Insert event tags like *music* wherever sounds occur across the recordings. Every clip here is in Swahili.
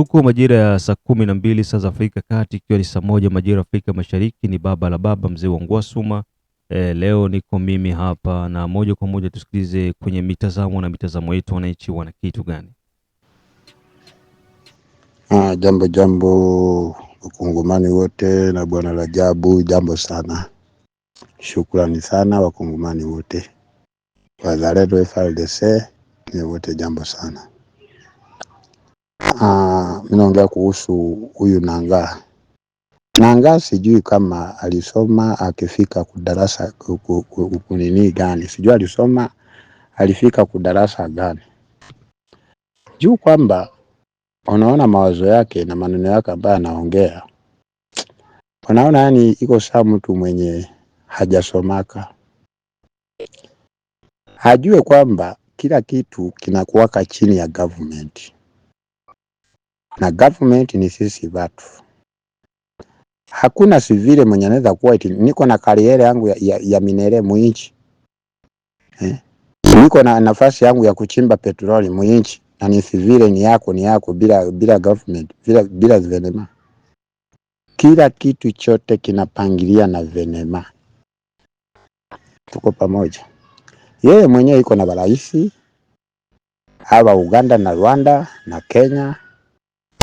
huku majira ya saa kumi na mbili saa za Afrika Kati, ikiwa ni saa moja majira ya Afrika Mashariki. Ni baba la baba mzee wa Ngwasuma. E, leo niko mimi hapa na moja kwa moja tusikilize kwenye mitazamo na mitazamo yetu, wananchi wana kitu gani? Ah, jambo jambo wakongomani wote na bwana Rajabu, jambo sana, shukrani sana wakongomani wote wazalendo FARDC ni wote, jambo sana Uh, ah, minaongea kuhusu huyu Nangaa. Nangaa sijui kama alisoma akifika kudarasa kunini gani, sijui alisoma alifika kudarasa gani, juu kwamba unaona mawazo yake na maneno yake ambayo anaongea, unaona yani iko saa mtu mwenye hajasomaka ajue kwamba kila kitu kinakuwaka chini ya government na government ni sisi watu. Hakuna sivile mwenye anaweza kuwa eti niko na kariere yangu ya, ya, ya minere muinchi eh? Niko na nafasi yangu ya kuchimba petroli muinchi na ni sivile, ni yako ni yako, bila bila government, bila bila venema. Kila kitu chote kinapangilia na venema. Tuko pamoja. Yeye mwenyewe iko na barahisi hawa Uganda na Rwanda na Kenya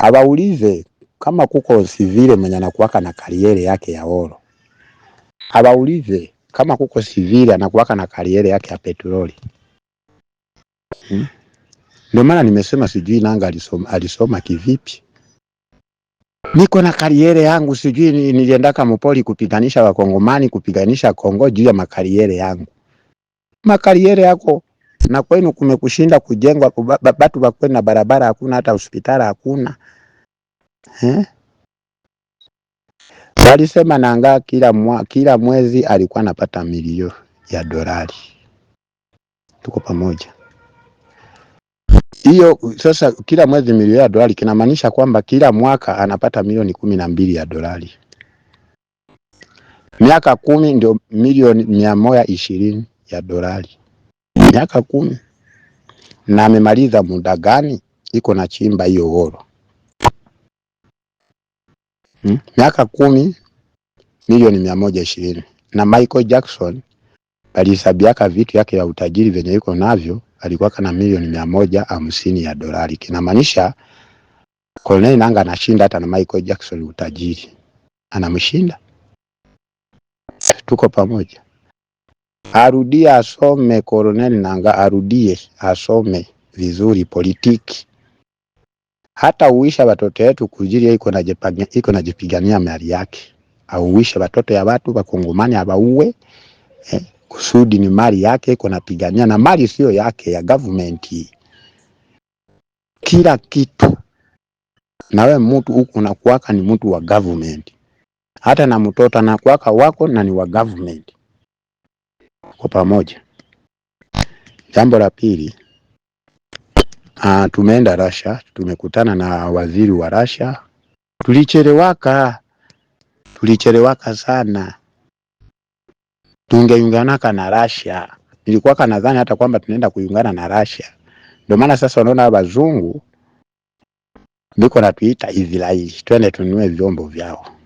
awaulize kama kuko sivile mwenye anakuwaka na kariere yake ya oro, awaulize kama kuko sivile anakuwaka na kariere yake ya petroli hmm? Ndio maana nimesema sijui nanga alisoma, alisoma kivipi? Niko na kariere yangu, sijui niliendaka mpoli kupiganisha wakongomani kupiganisha Kongo juu ya makariere yangu. Makariere yako na kwenu kumekushinda kujengwa batu bakwenu, na barabara hakuna, hata hospitali hakuna eh? Walisema nanga kila, mwa, kila mwezi alikuwa anapata milioni ya dolari. Tuko pamoja hiyo sasa. Kila mwezi milioni ya dolari kinamaanisha kwamba kila mwaka anapata milioni kumi na mbili ya dolari. Miaka kumi ndio milioni mia moja ishirini ya dolari miaka kumi na amemaliza muda gani? Iko na chimba hiyo goro hmm? miaka kumi milioni mia moja ishirini na Michael Jackson alihesabiaka vitu yake ya utajiri venye iko navyo, alikuwa kana milioni mia moja hamsini ya dolari. Kinamaanisha Corneille Nanga anashinda hata na Michael Jackson utajiri, anamshinda. Tuko pamoja arudie asome. Colonel Nanga arudie asome vizuri politiki, hata uisha watoto yetu kujiri iko na iko na jipigania mali yake, auwisha watoto ya watu wakongomani abauwe eh, kusudi ni mali yake iko napigania, na mali sio yake ya government. Kila kitu nawe mtu huko nakuwaka ni mtu wa government, hata na mtoto anakuwaka wako na ni wa government kwa pamoja. Jambo la pili, ah, tumeenda Russia, tumekutana na waziri wa Russia. Tulichelewaka, tulichelewaka sana. Tungeunganaka na Russia, nilikuwa kanadhani hata kwamba tunaenda kuungana na Russia. Ndio maana sasa unaona wazungu niko natuita Israeli, twende tununue vyombo vyao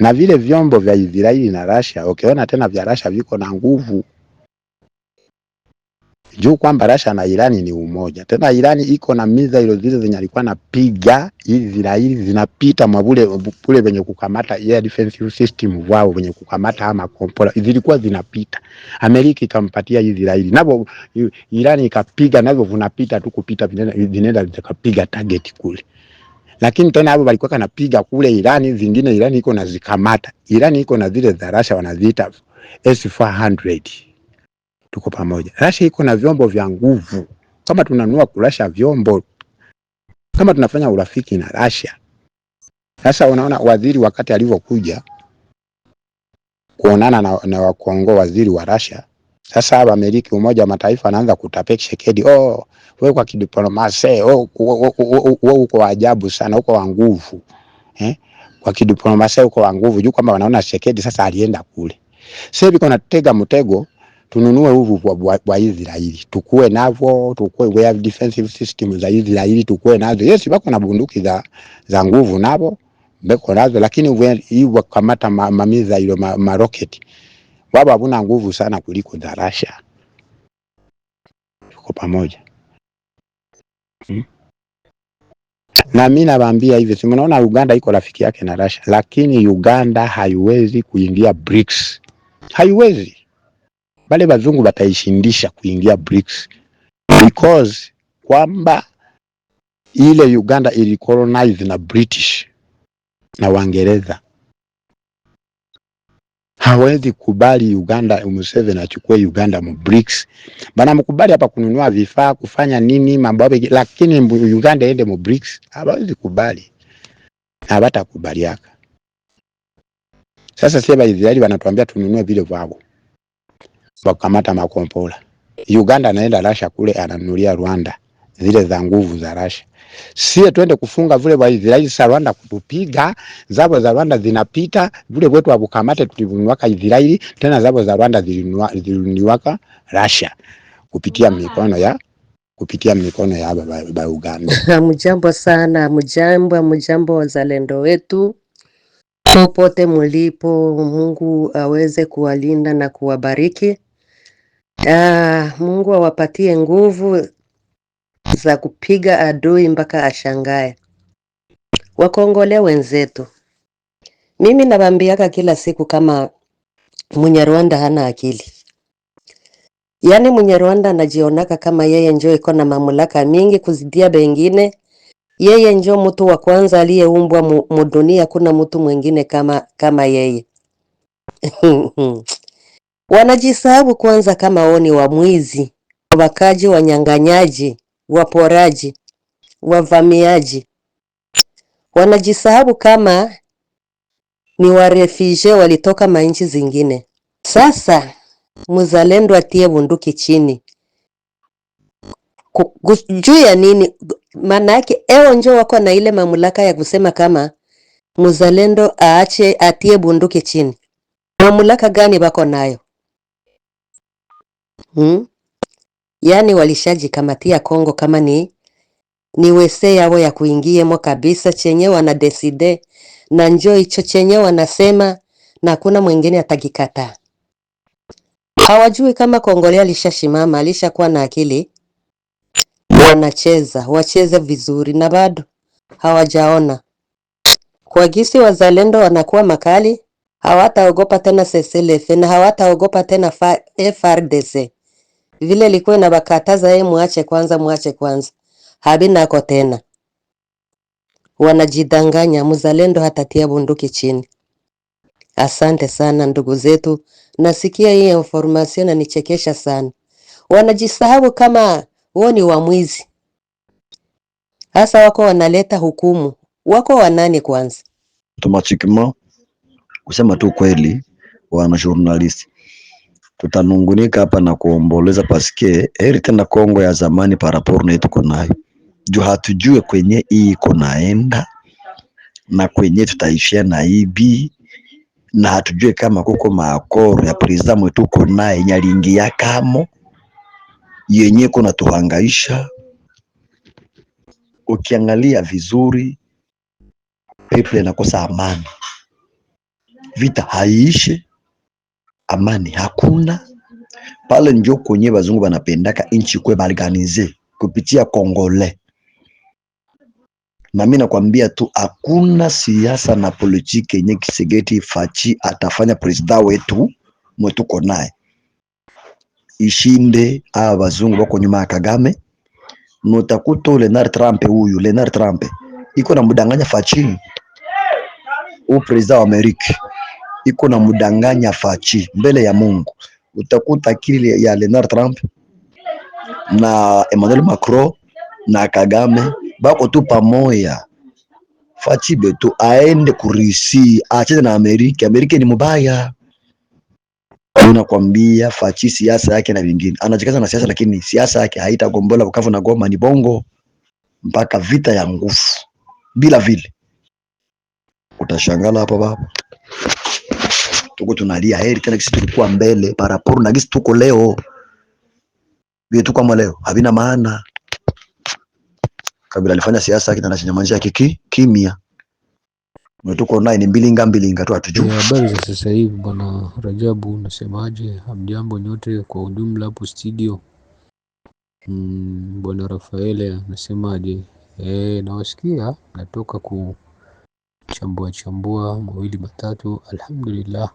na vile vyombo vya Israeli na Russia ukiona okay, tena vya Russia viko na nguvu juu kwamba Russia na Irani ni umoja. Tena Irani iko na ile zile zenye alikuwa anapiga Israeli zinapita mabule kule venye kukamata yeah, defensive system wao venye kukamata ama kompola zilikuwa zinapita. Amerika ikampatia Israeli navyo, Irani ikapiga navyo vunapita tu kupita, vinenda vikapiga target kule. Lakini tena hapo walikuwa kanapiga kule Irani, zingine Irani iko na zikamata, Irani iko na zile za Russia wanaziita S400. Tuko pamoja. Russia iko na vyombo vya nguvu. Kama tunanua kurasha vyombo, kama tunafanya urafiki na Russia. Sasa unaona waziri wakati alivyokuja kuonana na, na wakongo waziri wa Russia sasa, hapa Amerika, Umoja wa Mataifa anaanza kutapekshekedi oh, wewe kwa kidiplomasia, wewe wewe uko wa ajabu sana, uko wa nguvu eh? Kwa kidiplomasia uko wa nguvu juu kwamba wanaona Shekedi sasa alienda kule. Sasa hivi kuna tega mtego, tununue uvu wa Israeli tukue navyo, tukue we have defensive system za Israeli tukue nazo. Yes, bako na bunduki za za nguvu navo beko nazo, lakini hiyo kamata mamiza ile ma, maroketi wao habuna nguvu sana kuliko za Russia. Tuko pamoja. Mm. Na mi nawaambia hivyo, si mnaona Uganda iko rafiki yake na Russia, lakini Uganda haiwezi kuingia BRICS, haiwezi. bale wazungu wataishindisha kuingia BRICS because kwamba ile Uganda ilikolonize na British na Waingereza hawezi kubali Uganda, Museveni achukue Uganda mu BRICS. Bana mkubali hapa kununua vifaa, kufanya nini mambo lakini Uganda ende mu BRICS hawezi kubali, yaka. Sasa sasa Israeli yaani wanatuambia tununue vile vao, wakamata makompola Uganda, anaenda Russia kule ananunulia Rwanda zile za nguvu za Russia sie twende kufunga vule Israeli sa Rwanda kutupiga, zabo za Rwanda zinapita vule kwetu wabukamate, tulivuniwaka Israeli tena zabo za Rwanda ziliniwaka Russia kupitia mikono ya kupitia mikono ya ba Uganda. *laughs* Mjambo sana, mjambo mjambo, wazalendo wetu popote mulipo, Mungu aweze kuwalinda na kuwabariki. Ah, Mungu awapatie nguvu za kupiga adui mpaka ashangae. Wakongole wenzetu, mimi nawambiaka kila siku kama Rwanda hana akili. Yaani Rwanda anajionaka kama yeye njo iko na mamlaka mingi kuzidia bengine, yeye njo mtu wa kwanza aliyeumbwa mudunia, kuna mtu mwingine kama, kama yeye *laughs* wanajisahabu kwanza kama oni wa mwizi wabakaji, wanyang'anyaji waporaji, wavamiaji. wanajisahabu kama ni warefije walitoka manchi zingine. Sasa mzalendo atie bunduki chini juu ya nini? Maana yake eo njo wako na ile mamlaka ya kusema kama mzalendo aache atie bunduki chini. Mamlaka gani wako nayo hmm? yaani walishajikamatia Kongo kama ni ni wese yao ya kuingiemo kabisa, chenye deside na njo hicho chenye wanasema, na hakuna mwingine atakikataa. Hawajui kama Kongolea alishashimama, alishakuwa na akili. Wanacheza wacheze vizuri, na bado hawajaona kwa gisi. Wazalendo wanakuwa makali, hawataogopa tena seselefe na hawataogopa tena FARDC vile na inawakataza yeye, muache kwanza, muache kwanza, habinako tena. Wanajidanganya, mzalendo hatatia bunduki chini. Asante sana ndugu zetu, nasikia hii na nanichekesha sana. Wanajisahau kama wao ni wamwizi hasa, wako wanaleta hukumu, wako wanani kwanza. Automatiquement kusema tu kweli, wana journalist tutanungunika hapa na kuomboleza paske heri tena Kongo ya zamani paraporo na tuko nayo juu hatujue kwenye hii iko naenda na kwenye tutaishia na ibi na hatujue kama kuko maakoro ya prizamu mwetu uko naye ya kamo yenye kuna tuhangaisha. Ukiangalia vizuri, people inakosa amani, vita haiishe amani hakuna pale, njo kwenye bazungu banapendaka inchi kwe balganize kupitia Kongole. Nami nakwambia tu hakuna siasa na politiki yenye Kisegeti Fachi atafanya presida wetu mwetuko naye ishinde aa bazungu bako nyuma ya Kagame. Notakuta Lenard Trump huyu Lenard Trump iko na mudanganya Fachi u presida wa Amerika iko na mudanganya fachi mbele ya Mungu. Utakuta akili ya Donald Trump na Emmanuel Macron na Kagame bako tu pamoja. Fachi betu aende kurisi, acheze na Amerika. Amerika ni mubaya, kwambia Fachi siasa yake na vingine, anajikaza na siasa, lakini siasa yake haitagombola Bukavu na Goma, ni bongo mpaka vita ya nguvu bila vile utashangala hapa baba tuko tunalia heri tena kisi tulikuwa mbele paraporo na kisi tuko leo vile tuko kama leo havina maana. Kabila alifanya siasa yake na shinyamanja kiki ki, kimya tuko naye ni mbilinga mbilinga tu hatujui. Habari za sasa hivi bwana Rajabu, unasemaje? Hamjambo nyote kwa ujumla hapo studio. Mm, bwana Rafael anasemaje? Eh, nawasikia natoka kuchambua chambua mawili matatu, alhamdulillah.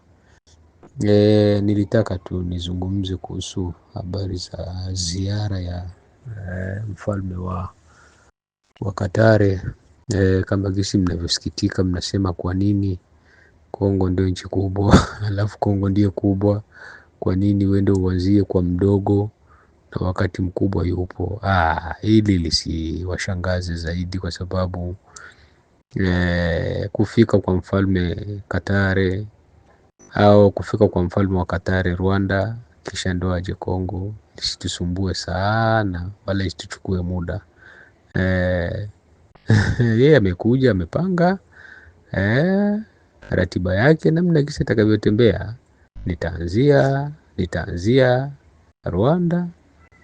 E, nilitaka tu nizungumze kuhusu habari za ziara ya e, mfalme wa, wa Katare. E, kama gisi mnavyosikitika mnasema kwa nini Kongo ndio nchi kubwa *laughs* alafu Kongo ndio kubwa, kwa nini wende uanzie kwa mdogo na wakati mkubwa yupo? Ah, hili lisiwashangaze zaidi kwa sababu e, kufika kwa mfalme Katare au kufika kwa mfalme wa Katari Rwanda, kisha ndo aje Kongo, isitusumbue sana wala isituchukue muda eh. *laughs* Yeye amekuja amepanga eh, ratiba yake namna kisa itakavyotembea. Nitaanzia nitaanzia Rwanda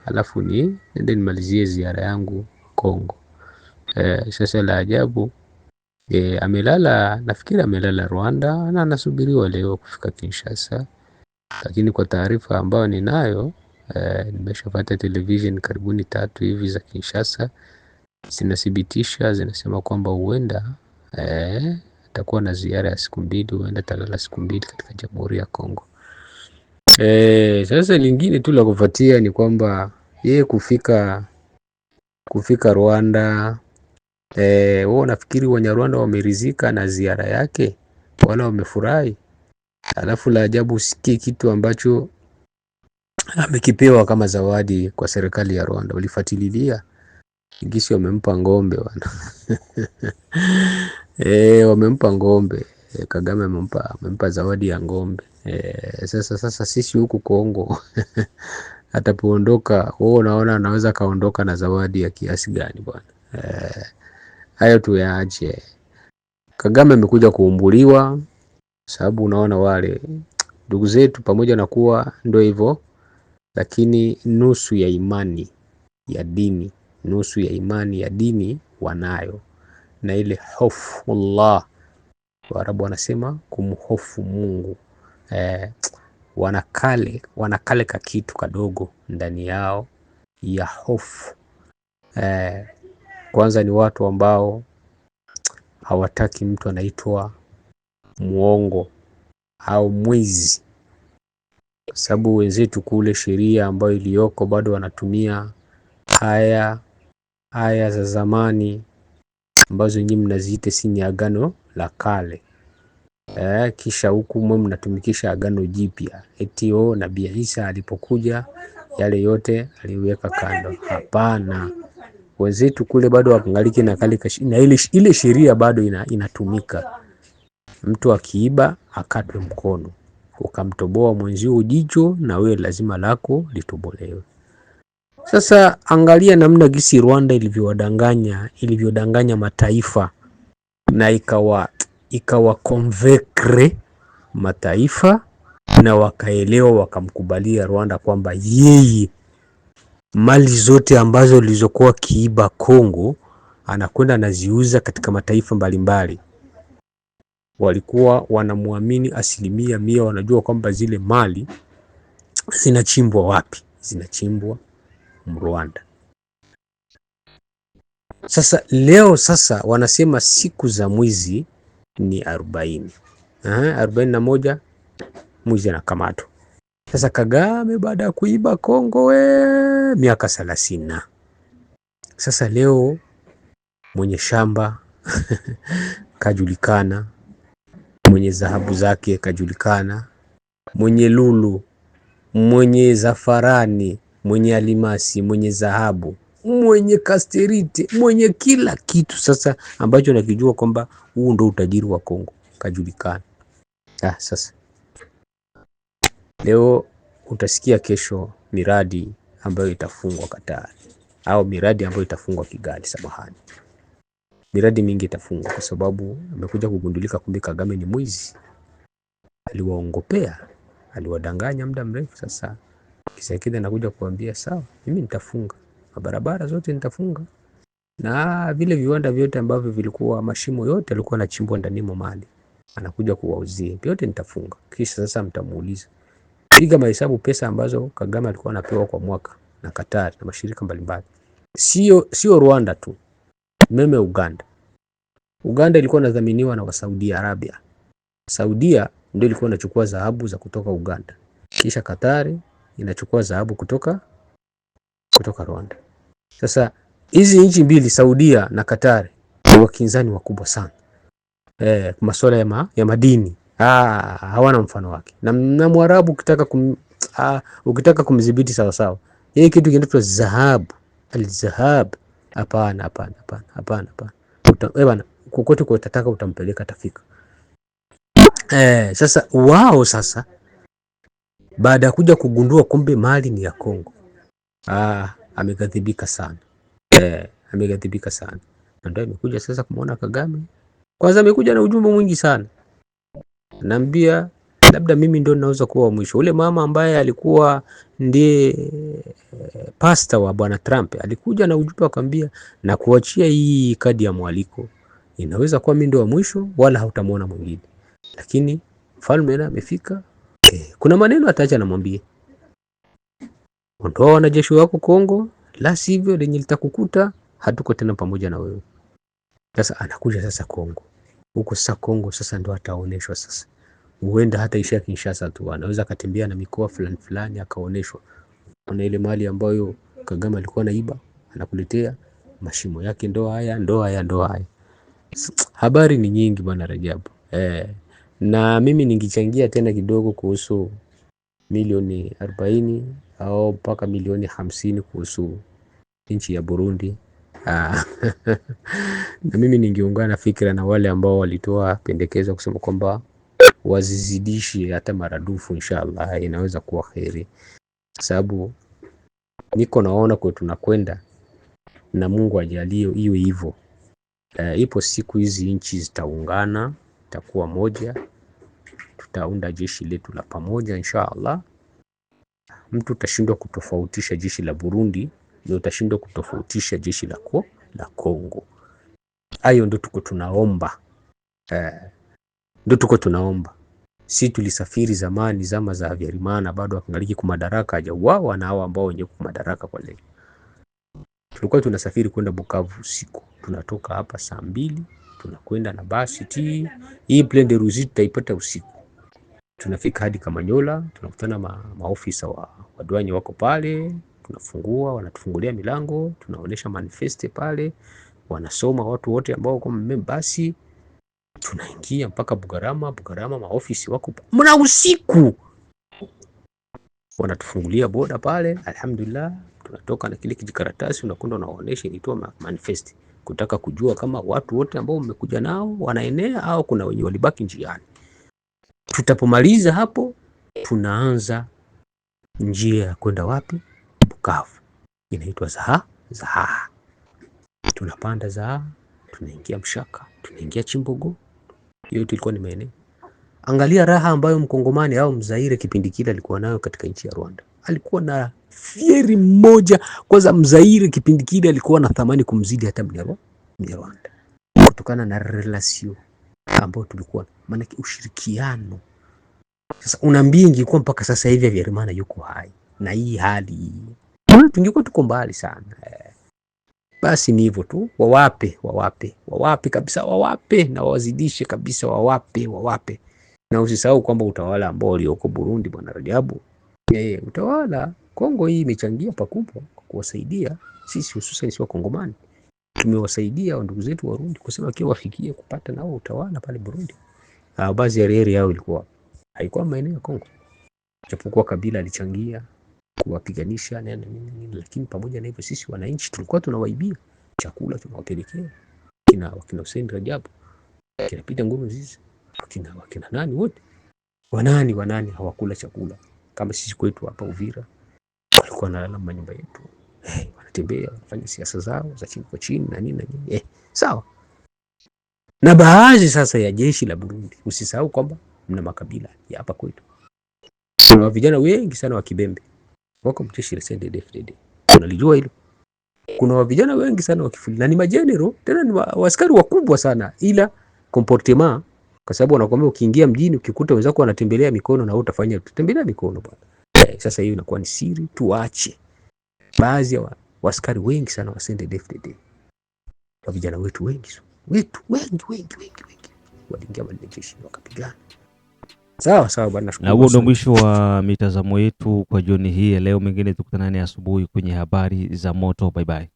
alafu ni nende nimalizie ziara yangu Kongo. Eh, sasa la ajabu E, amelala nafikiri amelala Rwanda na anasubiriwa leo kufika Kinshasa, lakini kwa taarifa ambayo ninayo e, nimeshapata television karibuni tatu hivi za Kinshasa zinathibitisha zinasema kwamba huenda e, atakuwa na ziara ya siku mbili, huenda atalala siku mbili katika Jamhuri ya Kongo. E, sasa lingine tu la kufuatia ni kwamba yeye kufika kufika Rwanda Eh, wewe unafikiri Wanyarwanda wameridhika na ziara yake? Wala wamefurahi? Alafu la ajabu usikie kitu ambacho amekipewa kama zawadi kwa serikali ya Rwanda. Ulifuatilia gisi wamempa ng'ombe bwana. *laughs* Eh, wamempa ng'ombe e, Kagame amempa amempa zawadi ya ng'ombe e. Sasa sasa sisi huku Kongo *laughs* atapoondoka, wewe unaona anaweza kaondoka na zawadi ya kiasi gani bwana e hayo tuyaache. Kagame amekuja kuumbuliwa, sababu unaona wale ndugu zetu, pamoja na kuwa ndio hivyo, lakini nusu ya imani ya dini, nusu ya imani ya dini wanayo, na ile hofu Allah, Waarabu wanasema kumhofu Mungu eh, wanakale wanakale ka kitu kadogo ndani yao ya hofu eh, kwanza ni watu ambao hawataki mtu anaitwa muongo au mwizi, kwa sababu wenzetu kule sheria ambayo iliyoko bado wanatumia haya haya za zamani ambazo nyinyi mnaziita si ni agano la kale eh, kisha huku mwe mnatumikisha agano jipya eti o oh, Nabii Isa alipokuja yale yote aliweka kando. Hapana, wenzetu kule bado wakangaliki na kali na ile, ile sheria bado ina, inatumika. Mtu akiiba akatwe mkono, ukamtoboa mwenzio jicho, na wewe lazima lako litobolewe. Sasa angalia namna gisi Rwanda ilivyowadanganya ilivyodanganya mataifa na ikawa ikawa convaincre mataifa na wakaelewa wakamkubalia Rwanda kwamba yeye mali zote ambazo zilizokuwa kiiba Kongo anakwenda anaziuza katika mataifa mbalimbali. Walikuwa wanamwamini asilimia mia, wanajua kwamba zile mali zinachimbwa wapi? Zinachimbwa Mrwanda. Sasa leo sasa wanasema siku za mwizi ni arobaini eh, arobaini na moja mwizi anakamatwa. Sasa Kagame baada ya kuiba Kongo we miaka thelathini sasa, leo mwenye shamba *laughs* kajulikana, mwenye dhahabu zake kajulikana, mwenye lulu, mwenye zafarani, mwenye alimasi, mwenye dhahabu, mwenye kasterite, mwenye kila kitu sasa ambacho nakijua kwamba huu ndio utajiri wa Kongo kajulikana. Ah, sasa Leo utasikia kesho miradi ambayo itafungwa Katari au miradi ambayo itafungwa Kigali, samahani, miradi mingi itafungwa kwa sababu amekuja kugundulika, kumbe Kagame ni mwizi, aliwaongopea, aliwadanganya muda mrefu. Sasa Kisekedi anakuja kuambia sawa, mimi nitafunga barabara zote, nitafunga na vile viwanda vyote ambavyo vilikuwa mashimo yote alikuwa anachimbwa ndani mwa mali, anakuja kuwauzia vyote, nitafunga. Kisha sasa mtamuuliza Piga mahesabu pesa ambazo Kagame alikuwa anapewa kwa mwaka na Qatar na mashirika mbalimbali, sio sio Rwanda tu, meme Uganda. Uganda ilikuwa inadhaminiwa na Saudi Arabia. Saudia ndio ilikuwa inachukua dhahabu za kutoka Uganda, kisha Katari inachukua dhahabu kutoka kutoka Rwanda. Sasa hizi nchi mbili Saudia na Katari ni wakinzani wakubwa sana, eh, masuala ya, ma, ya madini Ah, hawana mfano wake. Na, na Mwarabu ukitaka kum, ah, ukitaka kumdhibiti sawa sawa. Hii kitu kinaitwa dhahabu. Al-dhahab. Hapana, hapana, hapana, hapana, hapana. Uta, eh bana, kokote kwa utataka utampeleka tafika. Eh, sasa wao sasa baada ya kuja kugundua kumbe mali ni ya Kongo. Ah, amegadhibika sana. Eh, amegadhibika sana. Ndio amekuja sasa kumuona Kagame. Kwanza amekuja na ujumbe mwingi sana naambia labda mimi ndo naweza kuwa wa mwisho. Ule mama ambaye alikuwa ndiye eh, pasta wa bwana Trump alikuja na ujumbe akamwambia, na kuachia hii kadi ya mwaliko, inaweza kuwa mimi ndo wa mwisho, wala hautamwona mwingine. Lakini mfalme na amefika, eh, kuna maneno ataacha namwambie ondoa wanajeshi wako Kongo, la sivyo lenye litakukuta, hatuko tena pamoja na wewe. Sasa anakuja sasa Kongo huko sasa Kongo sasa ndo ataoneshwa sasa, huenda hata ishia Kinshasa tu, anaweza akatembea na mikoa fulani fulani akaoneshwa. na ile mali ambayo Kagame alikuwa naiba, anakuletea mashimo yake, ndo haya ndo haya ndo haya. Habari ni nyingi bwana Rajabu eh, na mimi ningichangia tena kidogo kuhusu milioni arobaini au mpaka milioni hamsini kuhusu nchi ya Burundi. Ah. *laughs* na mimi ningeungana fikra na wale ambao walitoa pendekezo kusema kwamba wazizidishe hata maradufu, inshallah inaweza kuwa kheri, sababu niko naona kwa tunakwenda na Mungu ajalie iwe hivyo. Uh, ipo siku hizi nchi zitaungana, itakuwa moja, tutaunda jeshi letu la pamoja inshallah. Mtu utashindwa kutofautisha jeshi la Burundi na utashindwa kutofautisha jeshi la ko, la Kongo. Hayo ndo tuko tunaomba eh, ndo tuko tunaomba. Si tulisafiri zamani zama za Habyarimana bado akangaliki kumadaraka hajauawa na hao ambao wenye madaraka kwa leo. Tulikuwa tunasafiri kwenda Bukavu usiku, tunatoka hapa saa mbili tunakwenda na basi ti hii Plaine de Ruzi tutaipata usiku tunafika hadi Kamanyola, tunakutana ma, maofisa wa, wa wako pale tunafungua, wanatufungulia milango, tunaonesha manifesti pale, wanasoma watu wote ambao wako basi, tunaingia mpaka Bugarama. Bugarama maofisi wako mna usiku, wanatufungulia boda pale, alhamdulillah tunatoka na kile kijikaratasi unakwenda unaonesha ilitoa manifesti kutaka kujua kama watu wote ambao mmekuja nao wanaenea au kuna wenye walibaki njiani. Tutapomaliza hapo, tunaanza njia ya kwenda wapi? kavu inaitwa zaha zaha. Tunapanda zaha, tunaingia mshaka, tunaingia chimbogo. Yote ilikuwa ni maeneo. Angalia raha ambayo mkongomani au mzaire kipindi kile alikuwa nayo katika nchi ya Rwanda. Alikuwa na fieri mmoja. Kwanza mzaire kipindi kile alikuwa na thamani kumzidi hata Mnyarwanda kutokana na relasio ambayo tulikuwa, maana ushirikiano. Sasa unaambia ingekuwa mpaka sasa hivi Habyarimana yuko hai na hii hali hii Unaona, hmm? tungekuwa tuko mbali sana. Basi ni hivyo tu, wawape wawape wawape kabisa, wawape na wazidishe kabisa, wawape wawape, na usisahau kwamba utawala ambao ulioko Burundi, bwana Rajabu, eh, utawala Kongo hii imechangia pakubwa kwa kuwasaidia sisi, hususan sisi Wakongomani tumewasaidia ndugu zetu Warundi kusema kile wafikie kupata nao utawala pale Burundi. Ah, Basi ya reri yao ilikuwa haikuwa maeneo ya Kongo, japokuwa Kabila alichangia kuwapiganisha na nini, lakini pamoja na hivyo sisi wananchi tulikuwa tunawaibia chakula tunawapelekea kina wakina Hussein Rajabu kina Peter Nguru kina wakina nani wote wanani wanani hawakula chakula kama sisi kwetu hapa Uvira walikuwa wanalala manyumba yetu hey, eh, wanatembea wanafanya siasa zao za chini kwa chini na nini na nini eh, sawa na baadhi sasa ya jeshi la Burundi. Usisahau kwamba mna makabila ya hapa kwetu, kuna vijana wengi sana wa Kibembe wako wakamtia Shirisende DFDD. Unalijua hilo? Kuna vijana wengi sana wakifuli na ni majenero tena ni askari wakubwa sana, ila comportement, kwa sababu wanakuambia ukiingia mjini ukikuta wenzako wanatembelea mikono na wewe utafanya utatembelea mikono bwana. Eh, sasa hiyo inakuwa ni siri, tuache baadhi ya waskari wengi sana wasende definitely. wa vijana wetu wengi wetu wengi wengi wengi wengi waliingia majeshi wakapigana. Sawa sawa bwana, na huo ndo mwisho wa mitazamo yetu kwa jioni hii ya leo. Mengine tukutanane asubuhi kwenye habari za moto. Bye bye.